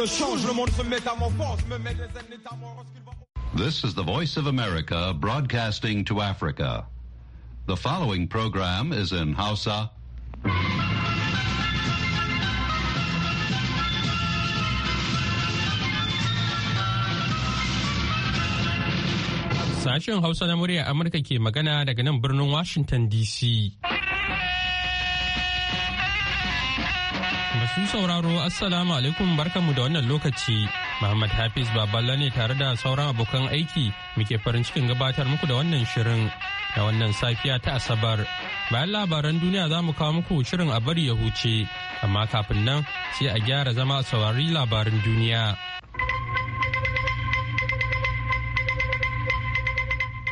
le change, le monde se métamorphose, me met des métamorphoses qu'il va... This is the Voice of America broadcasting to Africa. The following program is in Hausa. Sashen Hausa na murya Amurka ke magana daga nan birnin Washington DC. Masu sauraro Assalamu alaikum barkamu da wannan lokaci. Muhammad Hafiz Baballa ne tare da sauran abokan aiki muke farin cikin gabatar muku da wannan shirin da wannan safiya ta Asabar. Bayan labaran duniya za mu kawo muku shirin a bari ya huce, amma kafin nan sai a gyara zama a saurari labarin duniya.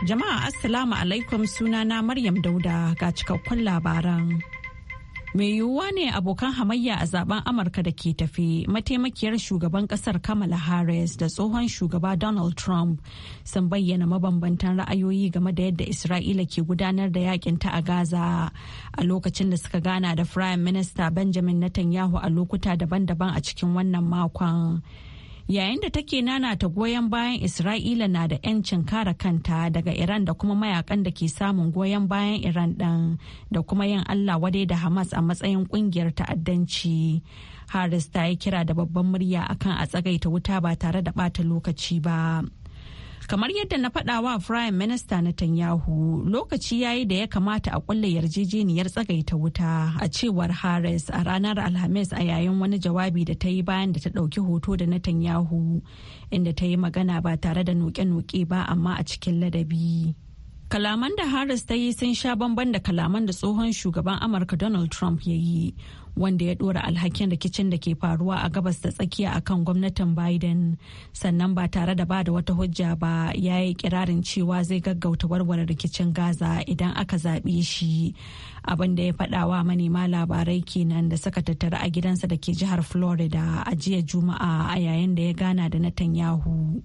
Jama'a Assalamu alaikum sunana Maryam Dauda ga cikakkun labaran. mai yiwuwa ne abokan hamayya a zaben amurka da ke tafi mataimakiyar shugaban kasar kamala harris da tsohon shugaba donald trump sun bayyana mabambantan ra'ayoyi game da yadda isra'ila ke gudanar da yakin ta a gaza a lokacin da suka gana da prime minister benjamin netanyahu a lokuta daban-daban a cikin wannan makon yayin da take nanata goyon bayan isra'ila na da 'yancin kare kanta daga iran da kuma mayakan da ke samun goyon bayan iran ɗin da kuma yin allah wadai da hamas a matsayin ƙungiyar ta'addanci haris ta yi kira da babban murya akan a tsagaita wuta ba tare da ɓata lokaci ba kamar yadda na faɗa wa prime minister netanyahu lokaci ya yi da ya kamata a kulle yarjejeniyar tsagaita wuta a cewar harris a ranar alhamis a yayin wani jawabi da ta yi bayan da ta ɗauki hoto da na tanyahu inda ta yi magana ba tare da noke-noke ba amma a cikin ladabi. Kalaman da Harris ta yi sun sha bamban da kalaman da tsohon shugaban Amurka Donald Trump ya yi, wanda ya ɗora alhakin rikicin da ke faruwa a gabas da tsakiya a kan gwamnatin Biden, sannan ba tare da ba da wata hujja ba ya yi kirarin cewa zai gaggauta warware rikicin Gaza idan aka zaɓe shi. Abin da ya faɗawa manema labarai kenan da suka tattara a gidansa da ke jihar Florida a jiya Juma'a a yayin da ya gana da Netanyahu.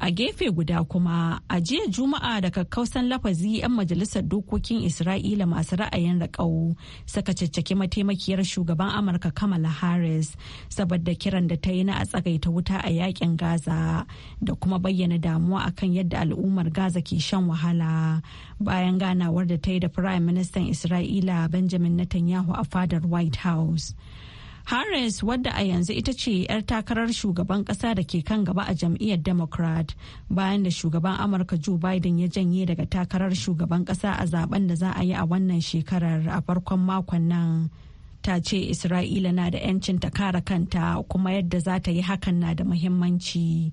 A gefe guda kuma a jiya Juma'a da kakkausan lafazi 'yan majalisar dokokin Isra'ila masu ra'ayin raƙau suka caccaki mataimakiyar shugaban Amurka Kamala Harris saboda kiran da ta yi na a tsagaita wuta a yakin Gaza da kuma bayyana damuwa akan yadda al'ummar Gaza ke shan wahala bayan ganawar da ta yi da Firayim Ministan Isra'ila Benjamin Netanyahu a fadar White House. Harris wadda a yanzu ita ce 'yar takarar shugaban kasa da ke kan gaba a jam'iyyar Democrat bayan da shugaban Amurka Joe Biden ya janye daga takarar shugaban kasa a zaben da za a yi a wannan shekarar a farkon makon nan. Ta ce Isra'ila na da 'yancin ta kare kanta kuma yadda za ta yi hakan na da muhimmanci.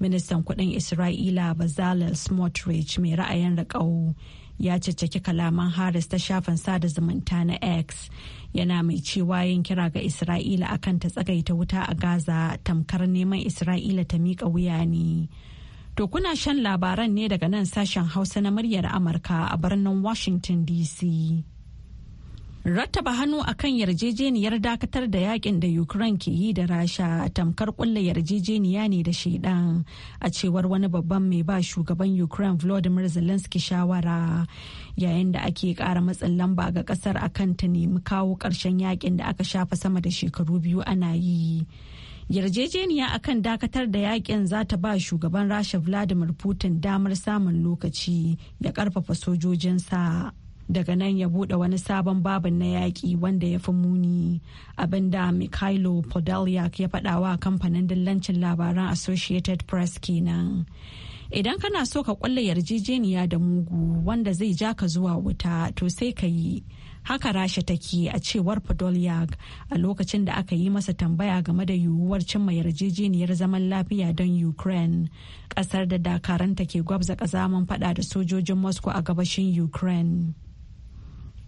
Ministan kudin Isra'ila Bazalel Smotrich mai ra'ayin riƙau ya caccaki kalaman Harris ta shafin sada zumunta na X. yana mai cewa yin kira ga isra'ila akan ta tsagaita wuta a gaza tamkar neman isra'ila ta miƙa wuya ne to kuna shan labaran ne daga nan sashen hausa na muryar amurka a birnin washington dc rattaba hannu akan yarjejeniyar dakatar da yakin da ukraine ke yi da rasha tamkar kulle yarjejeniya ne da shaidan a cewar wani babban mai ba shugaban ukraine Vladimir zelensky shawara yayin da ake kara matsin lamba ga kasar a kan ta nemi kawo karshen yakin da aka shafa sama da shekaru biyu ana yi yarjejeniya akan dakatar da yakin za ta ba shugaban rasha vladimir putin damar samun lokaci ya karfafa sojojinsa daga nan ya bude wani sabon babin na yaƙi wanda ya fi muni abinda mikhailo podolyak ya faɗawa kamfanin dillancin labaran associated press kenan idan kana so ka kulle yarjejeniya da mugu wanda zai ja ka zuwa wuta to sai ka yi haka rasha take a cewar podolyak a lokacin da aka yi masa tambaya game da yiwuwar cimma yarjejeniyar zaman lafiya don ukraine kasar da dakaranta ke gwabza kazaman fada da sojojin moscow a gabashin ukraine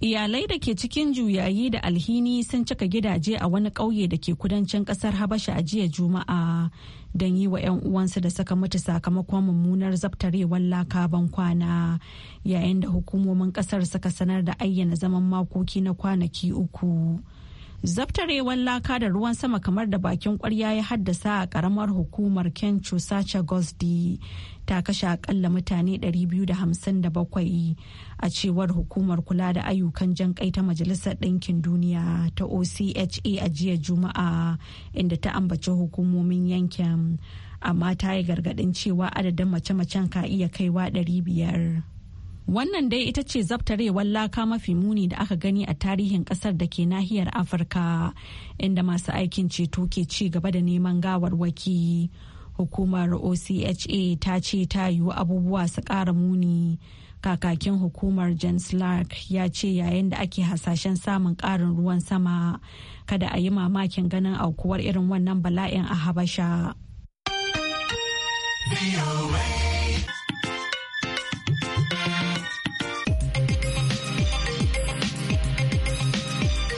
Iyalai da ke cikin juyayi da alhini sun cika gidaje a wani ƙauye da ke kudancin ƙasar Habasha a jiya Juma'a don yi wa 'yan uwansu da suka mutu sakamakon mummunar zabtarewar lakaban kwana yayin da hukumomin ƙasar suka sanar da ayyana zaman makoki na kwanaki uku. zabtarewar laka da ruwan sama kamar da bakin kwarya ya haddasa a karamar hukumar kencho sacha gosdi ta kashe akalla mutane 257 a cewar hukumar kula da ayyukan jan kai ta majalisar ɗinkin duniya ta ocha a jiya juma'a inda ta ambaci hukumomin yankin amma ta yi gargaɗin cewa adadin mace-macen ka iya kaiwa 500 Wannan dai ita ce zabtarewar laka mafi muni da aka gani a tarihin kasar da ke nahiyar Afirka, inda masu aikin ceto ke ci gaba da neman gawarwaki. Hukumar OCHA ta ce ta yiwu abubuwa su ƙara muni. Kakakin hukumar James Lark ya ce yayin da ake hasashen samun ƙarin ruwan sama, kada a yi mamakin ganin aukuwar irin wannan bala'in a Habasha.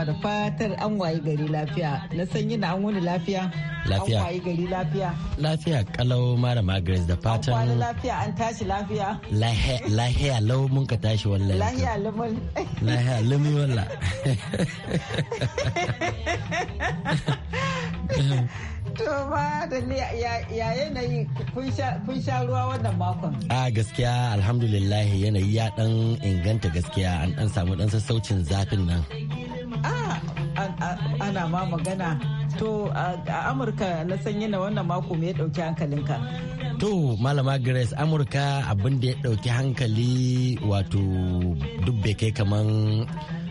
juma'a da fatar an wayi gari lafiya na sanyi na an wani lafiya lafiya an wayi gari lafiya lafiya kalau Mara grace da fatan an lafiya an tashi lafiya lahiya lau mun ka tashi wallahi lahiya lumun. lahiya lumi walla to ba da ya yanayi kun sha ruwa wannan makon a gaskiya alhamdulillah yanayi ya dan inganta gaskiya an dan samu dan sassaucin zafin nan Ah, ana ma magana to a amurka na sanyi na wannan mako me ya dauki hankalinka to malama grace amurka abin da ya dauki hankali wato duk kai kaman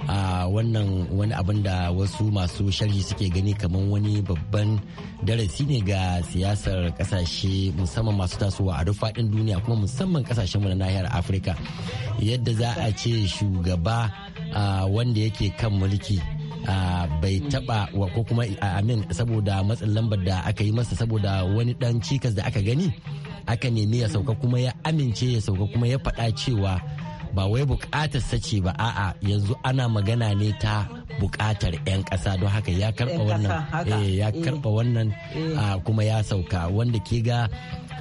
a wannan wani abin da wasu masu sharhi suke gani kamar wani babban darasi ne ga siyasar kasashe musamman masu tasowa a rufaɗin duniya kuma musamman kasashenmu na nahiyar afirka yadda za a ce shugaba wanda yake kan mulki bai taba wa ko kuma amin saboda matsin lambar da aka yi masa saboda wani dan cikas da aka gani aka nemi ya sauka kuma ya amince ya sauka kuma ya faɗa cewa ba wai bukatar sace ba a'a yanzu ana magana ne ta bukatar 'yan ƙasa don haka ya karba wannan eh, ya karba eh. wannan eh. kuma ya sauka wanda ke ga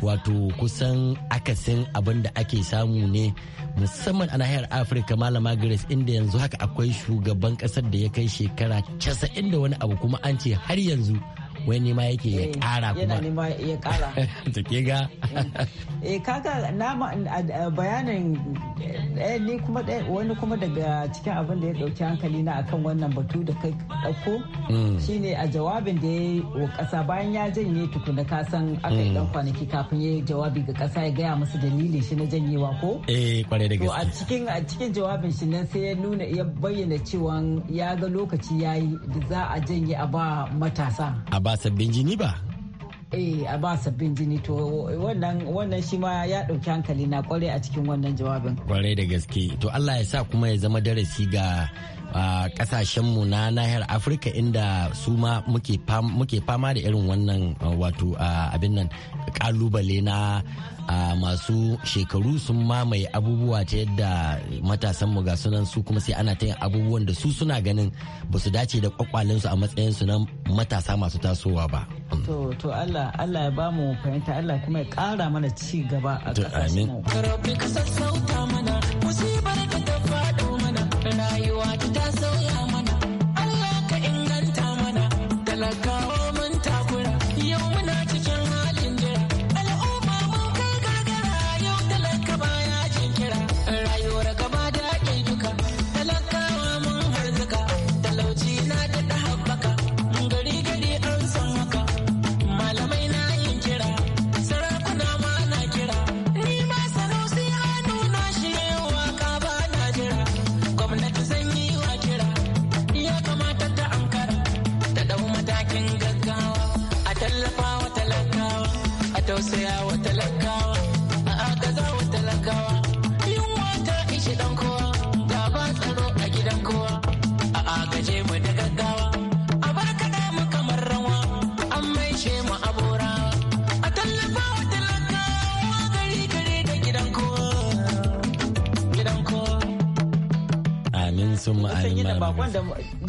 wato kusan akasin abin da ake samu ne musamman a nahiyar afirka malama grace inda yanzu haka akwai shugaban kasar da ya kai shekara casa'in da wani abu kuma an ce har yanzu wai nima yake ya kara eh, kuma yana nima ya kara to ke ga eh, eh kaga na bayanin eh, ni kuma wani kuma daga cikin abin da ya dauki hankali na akan wannan batu da kai dauko mm. shine a jawabin da ya wa kasa bayan ya janye tukuna ka san. aka yi dan mm. kwanaki kafin ya jawabi ga kasa ya gaya musu dalilin shi na janyewa ko eh kwarai da gaske a cikin a cikin jawabin shi nan sai ya nuna ya bayyana cewa ya ga lokaci yayi da za a janye a ba matasa ba sabbin jini ba eh a ba sabbin jini to wannan wannan shi ma ya ɗauki hankali na kwarai a cikin wannan jawabin kwarai da gaske to Allah ya sa kuma ya zama darasi ga a kasashenmu na nahiyar afirka inda su ma muke fama da irin wannan wato abin nan kalubale na masu shekaru sun mamaye abubuwa ta yadda matasan mu ga sunan su kuma sai ana ta yin abubuwan da su suna ganin ba su dace da kwakwalinsu a matsayin su na matasa masu tasowa ba. Mm. To, to Allah, Allah ya bamu fahimta Allah kuma ya kara mana ci gaba a ƙasashen.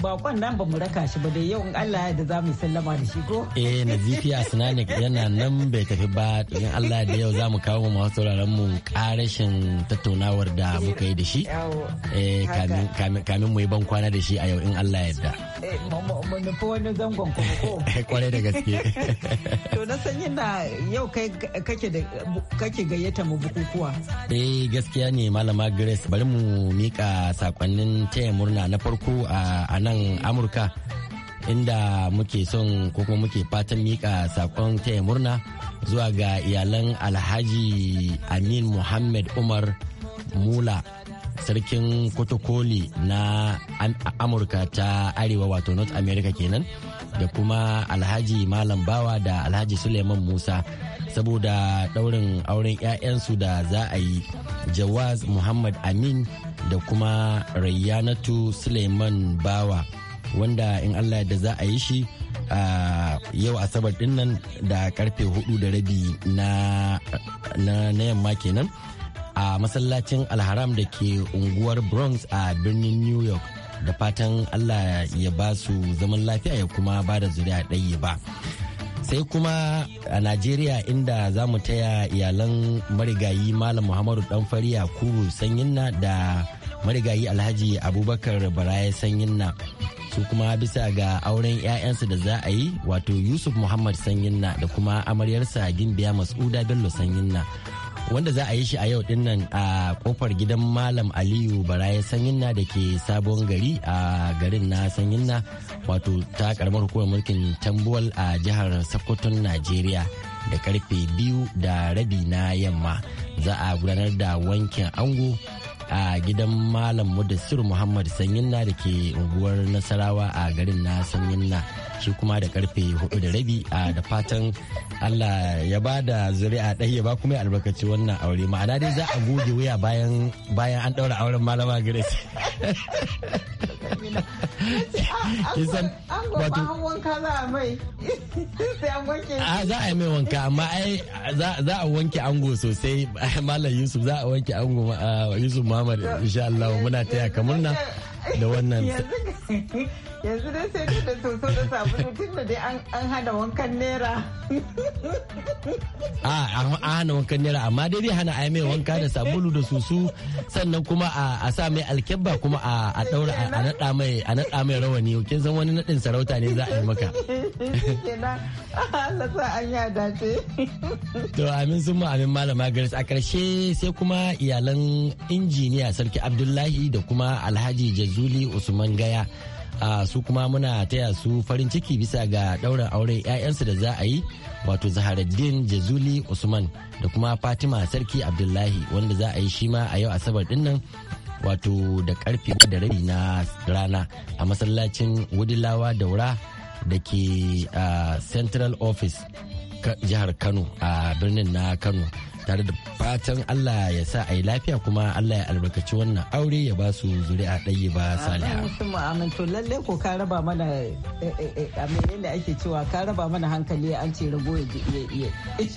bakon nan ba mu raka shi ba dai yau in Allah ya da za mu sallama da shi ko. Eh Nazifi Asnanik yana nan bai tafi ba in Allah da yau za mu kawo mu masu sauraron mu karashin tattaunawar da muka yi da shi. Eh kamin mu yi ban kwana da shi a yau in Allah ya yarda. manufi wani da gaske to na san yau kake gayyata mu bukukuwa eh gaskiya ne malama grace bari mu mika sakonnin taya murna na farko a nan amurka inda muke son ko kuma muke fatan mika sakon taya murna zuwa ga iyalan alhaji amin muhammad umar mula sarkin kotokoli na amurka ta arewa wato north america kenan da kuma alhaji malam bawa da alhaji suleiman musa saboda daurin auren 'ya'yansu da za a yi jawaz muhammad amin da kuma rayyanatu suleiman bawa wanda in allah da za a yi shi a yau asabar din da karfe hudu da rabi na yamma kenan a masallacin alharam da ke unguwar bronx a birnin new york da fatan allah ya ba su zaman lafiya ya kuma ba da zuriya ɗaya ba sai kuma a najeriya inda za mu taya iyalan marigayi malam muhammadu ɗanfariya kuru sanyinna da marigayi alhaji abubakar baraye sanyinna su kuma bisa ga auren 'ya'yansu da za a yi wato yusuf muhammad sanyinna da kuma amaryarsa gimbiya mas'uda bello sanyinna wanda za a yi shi a yau din a kofar gidan malam aliyu baraye sanyinna da ke sabon gari a garin na sanyinna wato ta karamar hukumar mulkin tambuwal a jihar sokoton najeriya da karfe biyu da rabi na yamma za a gudanar da wankin ango a gidan malam mudassir muhammad sanyinna da ke unguwar nasarawa a garin na sanyinna shi kuma da karfe hudu da rabi a da fatan allah ya ba da zuri'a ɗaya ya ba kuma ya albarkaci wannan aure ma'ana dai za a goge wuya bayan an ɗaura auren malama grace kisan wato an wanka za a mai sai an wanke a ah, za a mai wanka amma ai za a wanke ango sosai malam yusuf za a wanke ango ah, yusuf muhammad insha Allah muna taya ka murna da wannan yanzu dai sai da soso da sabulu tun da dai an hana wankan nera. a a hana wankan nera amma dai dai hana ai mai wanka da sabulu da susu sannan kuma a sa mai alkebba kuma a daura a nada mai a nada mai rawani kin san wani nadin sarauta ne za a yi maka Allah sa an ya dace to amin sun amin malama garis a karshe sai kuma iyalan injiniya sarki Abdullahi da kuma Alhaji Jazuli Usman Gaya su kuma muna taya su farin ciki bisa ga ɗaurin auren 'ya'yansu da za a yi wato zaharaddin jazuli usman da kuma fatima sarki abdullahi wanda za a yi shi ma a yau asabar dinnan wato da karfe da rabi na rana a masallacin wudilawa daura da ke central office jihar kano a birnin na kano tare da fatan Allah ya sa a yi lafiya kuma Allah ya albarkaci wannan aure ya ba su zuri'a ɗaya ba saliha. Amin to lalle ko ka raba mana eh, eh, eh, a menene ake cewa ka raba mana hankali an ce rago ya iya iya.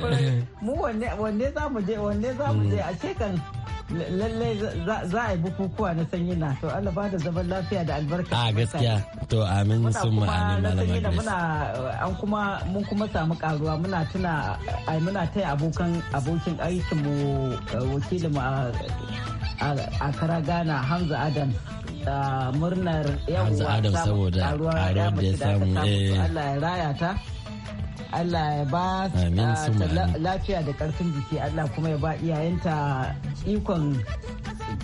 Mu wanne za mu je wanne za mu je mm. a shekan lallai za a yi bukukuwa na sanyi na to Allah ba da zaman lafiya da albarka a gaskiya to amin sun ma'amin malama da muna an kuma mun kuma samu karuwa muna tuna ai muna taya abokan abokin aikin mu eh, wakilin mu a kara Ghana Hamza Adam murnar yawwa saboda karuwa da ya samu eh. Allah ya raya ta Allah ya ba lafiya da karfin jiki Allah kuma ya ba iyayenta ikon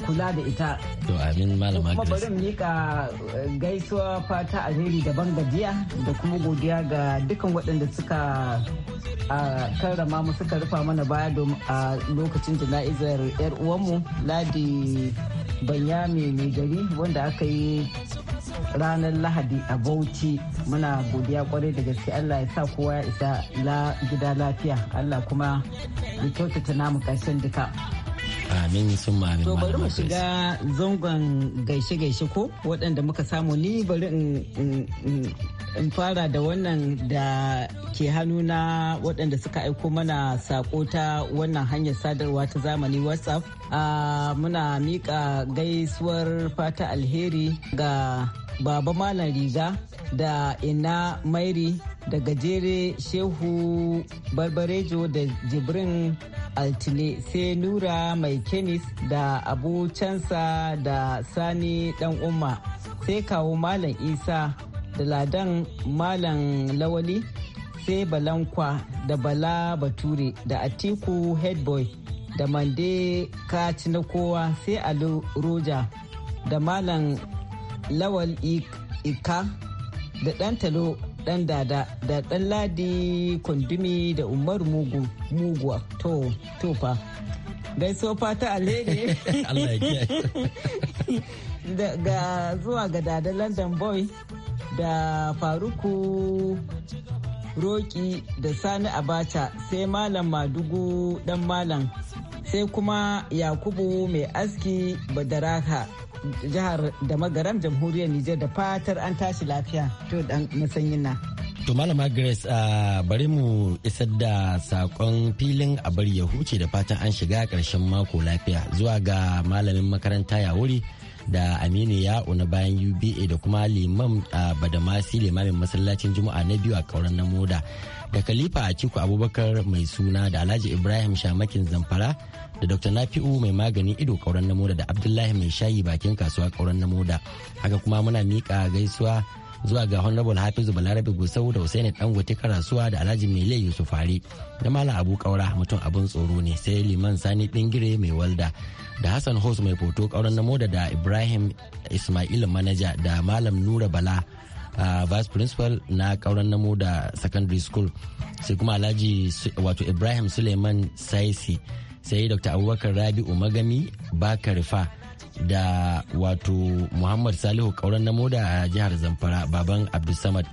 kula da ita. To amin malama Kuma bari mika eh, gaisuwa fata alheri daban gajiya da kuma godiya ga dukan waɗanda suka a karrama mu suka rufa mana baya a lokacin jana'izar 'yar uwanmu ladi banyame mai gari wanda aka yi ranar lahadi a bauchi muna godiya kwarai da gaske allah ya sa kowa ya isa gida lafiya allah kuma ya kyautata namu karshen duka Amin sun amin. To bari mu shiga zangon gaishe-gaishe ko waɗanda muka samu ni bari in fara da wannan da ke hannu na waɗanda suka aiko mana saƙo ta wannan hanyar sadarwa ta zamani WhatsApp. Ah, muna miƙa gaisuwar fata alheri ga baba malam riga da ina mairi da gajere shehu barbarejo da jibrin altine sai nura mai kenis da abu cansa da sani dan umma sai kawo malam isa da ladan malam lawali sai balankwa da bala bature da atiku headboy da mande na kowa sai alu roja da malam lawal ika da ɗan talo ɗan dada da ɗan ladi kundumi da umar mugu muguwa to tofa gaisuwa fata alheri ga zuwa ga dada london boy da faruku roki da sani abacha sai malam madugu dan malam sai kuma yakubu mai aski badaraka jihar da magaram jamhuriyar Nijar da fatar an tashi lafiya to dan masanyin na. To Malama Grace a bari mu isar da sakon filin a bari ya huce da fatan an shiga karshen mako lafiya zuwa ga malamin makaranta ya wuri da Aminu ya na bayan UBA da kuma Limam a Badamasi limamin masallacin Juma'a na biyu a kauran na Moda da Khalifa Atiku Abubakar mai suna da Alhaji Ibrahim Shamakin Zamfara da dr nafi'u mai magani ido kauran namo da abdullahi mai shayi bakin kasuwa kauran da haka kuma muna mika gaisuwa zuwa ga honorable hafizu balarabe gusau da husaini dangote karasuwa da alhaji mele yusuf fari da malam abu kaura mutum abun tsoro ne sai liman sani dingire mai walda da hassan hos mai foto kauran namoda da ibrahim ismail manaja da malam nura bala Uh, vice principal na kauran namu da secondary school sai kuma alhaji wato ibrahim suleiman saisi sai dr abubakar rabi'u magami ka da wato muhammad salihu kauran na moda a jihar zamfara baban abdulsamad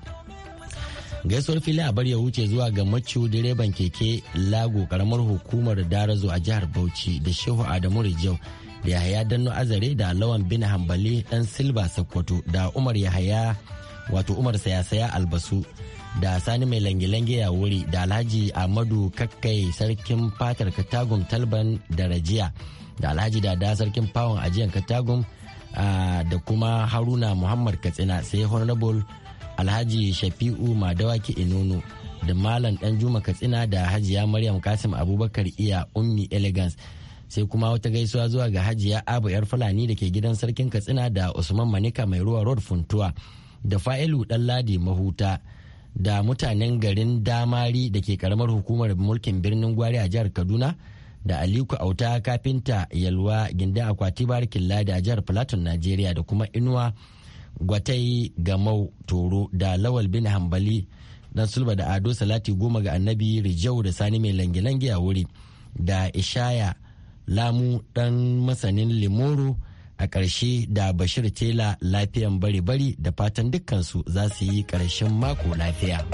gaisuwar fili a bar ya wuce zuwa ga maciu direban keke lago karamar hukumar darazo a jihar bauchi da shehu adamu rijau da yahaya danno azare da lawan bin hambali dan silba sakkwato da umar yahaya wato umar saya-saya albasu da sani mai lange-lange ya wuri da alhaji amadu kakkai sarkin fatar katagum talban da rajiya da alhaji dada sarkin fawon ajiyar katagum da kuma haruna muhammad katsina sai honorable alhaji shafi'u madawaki inunu da malam dan juma katsina da hajiya maryam kasim abubakar iya ummi elegance sai kuma wata gaisuwa zuwa ga hajiya abu yar fulani da ke gidan sarkin katsina da usman manika mai ruwa road funtuwa da fa'ilu dan ladi mahuta da mutanen garin damari da ke karamar hukumar mulkin birnin gwari a jihar kaduna da aliku auta kafinta yalwa gindin akwati barikin ladi a jihar platon nigeria da kuma inuwa gwatai gamau toro da lawal bin hambali dan sulba da ado salati goma ga annabi rijau da sani mai lange-lange a wuri da ishaya lamu dan masanin limoro a ƙarshe da bashir tela lafiyan bari-bari da fatan dukkansu za su yi ƙarshen mako lafiya.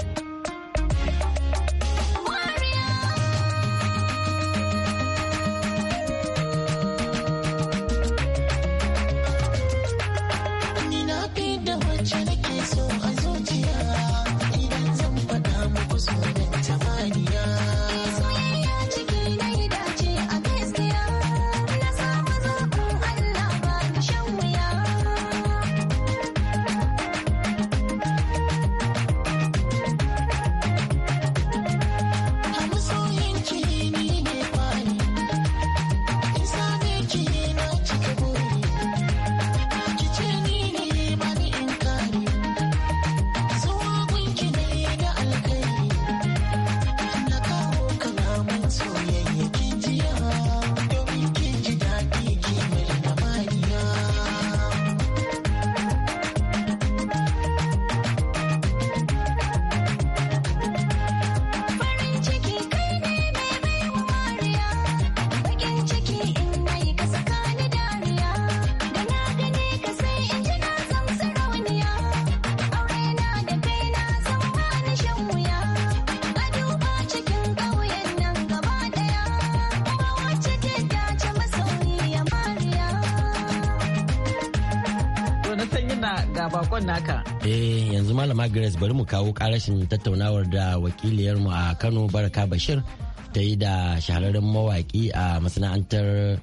bakon naka. Eh yanzu malama Grace bari mu kawo karashin tattaunawar da wakiliyarmu a Kano Baraka Bashir ta yi da shahararren mawaki a masana'antar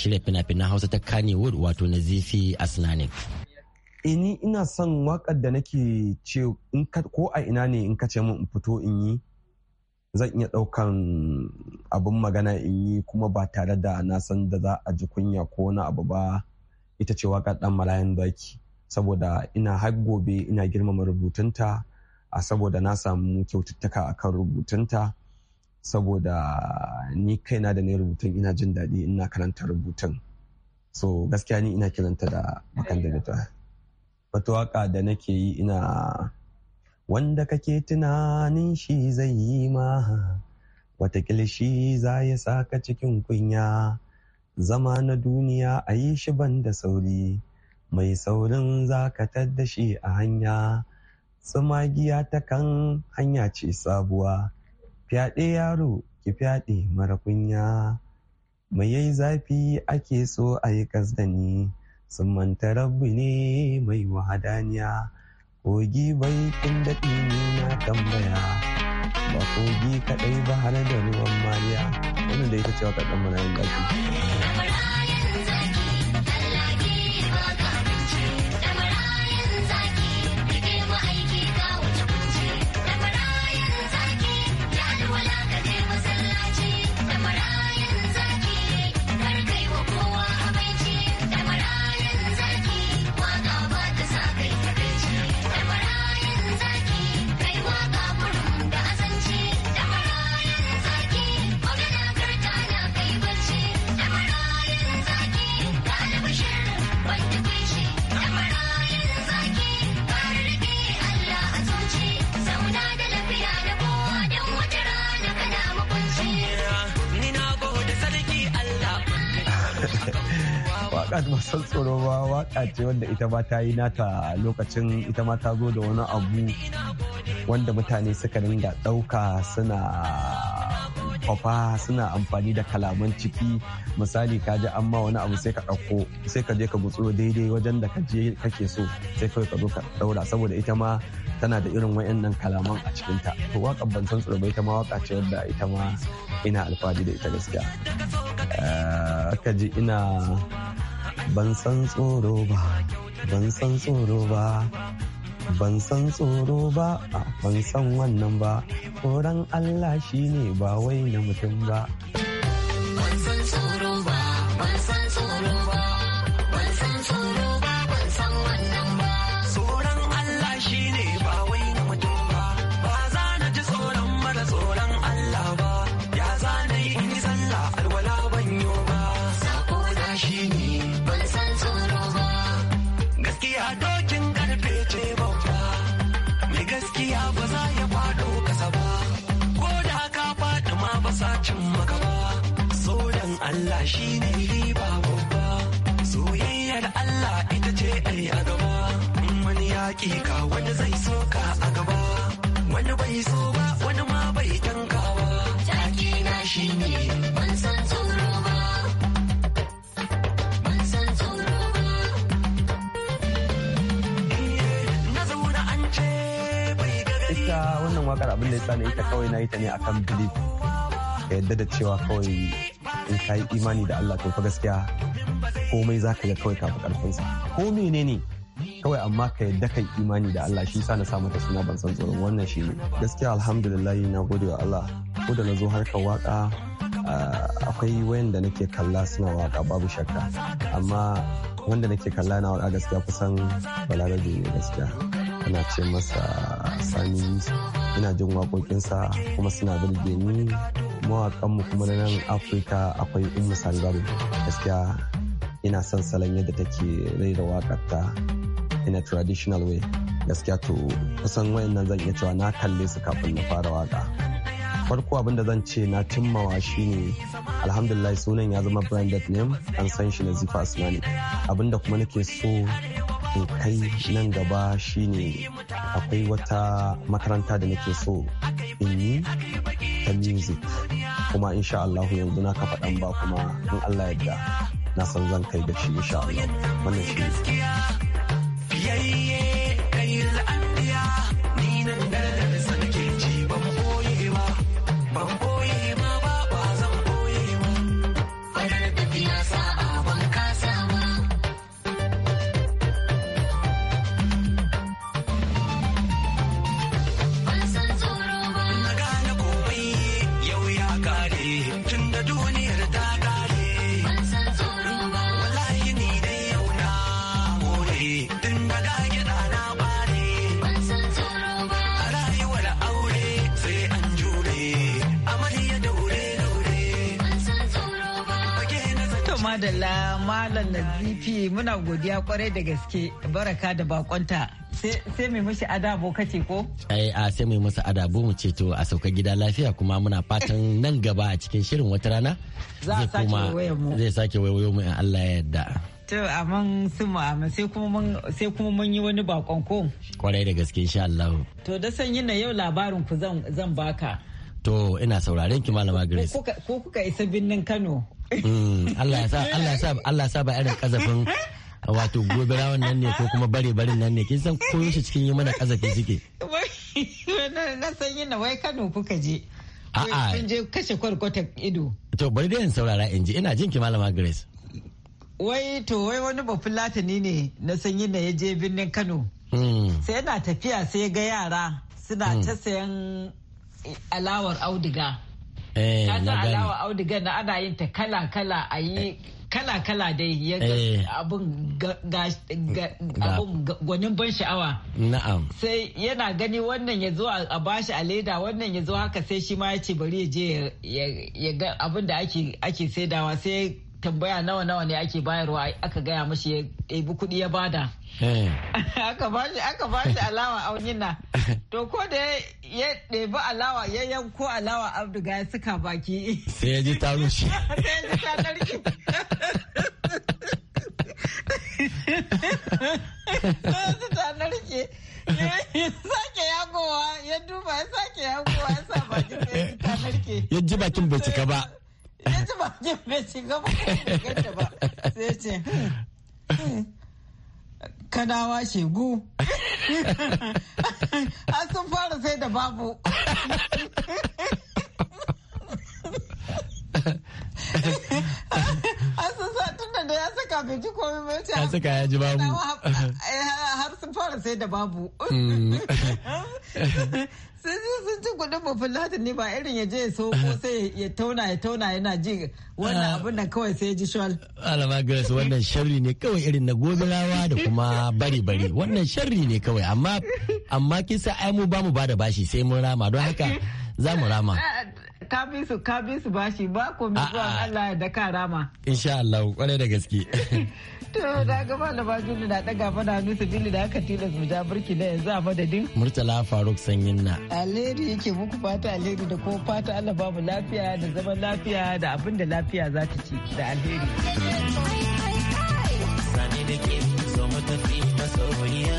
shirya fina-finan Hausa ta Kannywood wato na Zifi Asnanik. Ini eh, ina son wakar da nake ce ko a ina ne in ka ce min in fito in yi zan iya ɗaukan abin magana in yi kuma ba tare da na san da za a ji kunya ko na abu ba ita ce waƙar ɗan malayan zaki saboda ina har gobe ina girmama rubutunta a saboda na samu kyaututtuka akan rubutunta saboda ni kaina da ne rubutun ina jin daɗi ina karanta rubutun so gaskiya ni ina kiranta da makan da ta wata waka da nake yi ina wanda kake tunanin shi zai yi ma wata shi za ya saka cikin kunya zama na duniya a yi shi ban da sauri mai saurin zakatar da shi a hanya tsumagiya ta kan hanya ce sabuwa fyaɗe yaro ki fyaɗe mara kunya mai yayi zafi ake so a yi kasdani sun manta rabbi ne mai wahadaniya kogi bai kun daɗi ne na tambaya ba kogi kaɗai ba har da ruwan mariya wani da ita cewa kaɗan mana yin waka ce wanda ita ba ta yi nata lokacin ita ma ta zo da wani abu wanda mutane suka dinga ɗauka suna kwafa suna amfani da kalaman ciki misali ka ji an wani abu sai ka ɗauko sai ka je ka gutsu daidai wajen da ka je kake so sai kawai ka zo ka ɗaura saboda ita ma tana da irin wayannan kalaman a cikinta to waƙar ban san tsoro ita ma waƙa ce wadda ita ma ina alfahari da ita gaskiya eh, ka ji ina ban san tsoro ba ban san tsoro ba ban san tsoro ba ban san wannan ba tsoron allah shine ba wai na mutum ba Allah shi ne riba babba soyayyar Allah ita ce ai a gaba wani yaƙi ka wani zai so ka a gaba wani bai so ba wani ma bai tankawa taki na shi ne bai wannan wakar abin da ya tsana ita kawai na yi ta ne akan belief yadda da cewa kawai in ka imani da Allah to fa gaskiya komai za ka ga kawai kafin karfinsa ko menene kawai amma ka yadda kai imani da Allah shi sa na samu ta suna ban san tsoron wannan shi ne gaskiya alhamdulillah na gode wa Allah ko da na zo harkar waka ah, akwai wayanda nake kalla suna waka babu shakka amma wanda nake kalla na waka gaskiya kusan balarabe ne gaskiya ana ce masa sami ina jin waƙoƙinsa kuma suna birge ni mawakanmu kuma na nan afirka akwai ummu sangaro gaskiya ina son salon yadda take raira waƙarta in a traditional way gaskiya to kusan wayan nan zan iya cewa na kalle su kafin na fara waƙa. farko abinda zan ce na cimmawa shine alhamdulillah sunan ya zama branded name an san shi na zifa asmani abin da kuma nake so in kai nan gaba shine akwai wata makaranta da nake so in yi ta music kuma insha Allah yanzu na kafa ɗan ba kuma in Allah yadda na san zan kai da shi insha Allah wannan shi madalla malam na bp muna godiya kwarai da gaske baraka da bakonta sai mai mushi adabo kace ko ai a sai mai musu adabo mu ce to a sauka gida lafiya kuma muna fatan nan gaba a cikin shirin wata rana zai kuma zai sake wayo mu in Allah ya yarda to amman sun amma sai kuma sai kuma mun yi wani bakon ko kwarai da gaske insha Allah to da san yin yau labarin ku zan zan baka to ina sauraren ki malama Grace ko kuka isa birnin Kano Mm, Allah ya sa Allah sa ba irin kazafin wato gobe rawan nan ne ko kuma bare barin nan ne kin san ko shi cikin yi mana kazafi suke na san yin wai Kano kuka je a'a kun je kashe kwarkwata ido to bari dai in saurara in ji ina jin ki malama Grace wai to wai wani bafulatani ne na san yin ya je birnin Kano mm. sai yana tafiya sai ga yara suna mm. ta sayan alawar auduga ta eh, san alawa na ana yin ta kala kala a eh. kala kala dai ya eh. abun gwanin ban sha'awa sai yana gani wannan ya zo a bashi a leda wannan ya zo haka sai shi ma ya ce bari ya je ya ga abin da ake saidawa sai tambaya nawa nawa ne ake bayarwa aka gaya mashi ya ɗebi kuɗi ya bada eh. aka bashi aka bashi alawa na. to ko da ya ɗebi alawa ya yanko alawa abduga ya suka baki sai ya ji ta rushe sai ya ji ta narke sai ta narke ya sake yagowa ya duba ya sake yagowa ya sa baki ya ji ta narke ya ji bakin bai cika ba ci kadawa shegu an sun fara sai da babu an sa da ya saka bai ya saka ya ji babu har sun fara sai da babu kudin latin ne ba irin ya je ya so ko sai ya tauna ya tauna yana ji wannan ah. abin da kawai sai ya ji shawal. Alama Grace wannan sharri ne kawai irin na gobirawa da kuma bari bari wannan sharri ne kawai amma amma kisa ai mu ba mu ba da bashi sai mun rama don haka za mu rama. Ah, ka bi su ka bi su bashi ba ko mi zuwa Allah da ka rama insha Allah kwarai da gaske to da ga da bashi na daga mana hannu su Juli da aka tilas mu ja burki da yanzu a madadin Murtala Faruk sanyin na alheri yake muku fata alheri da ko fata Allah babu lafiya da zaman lafiya da abin da lafiya za ta ci da alheri Sani da ke so mu tafi masoyiya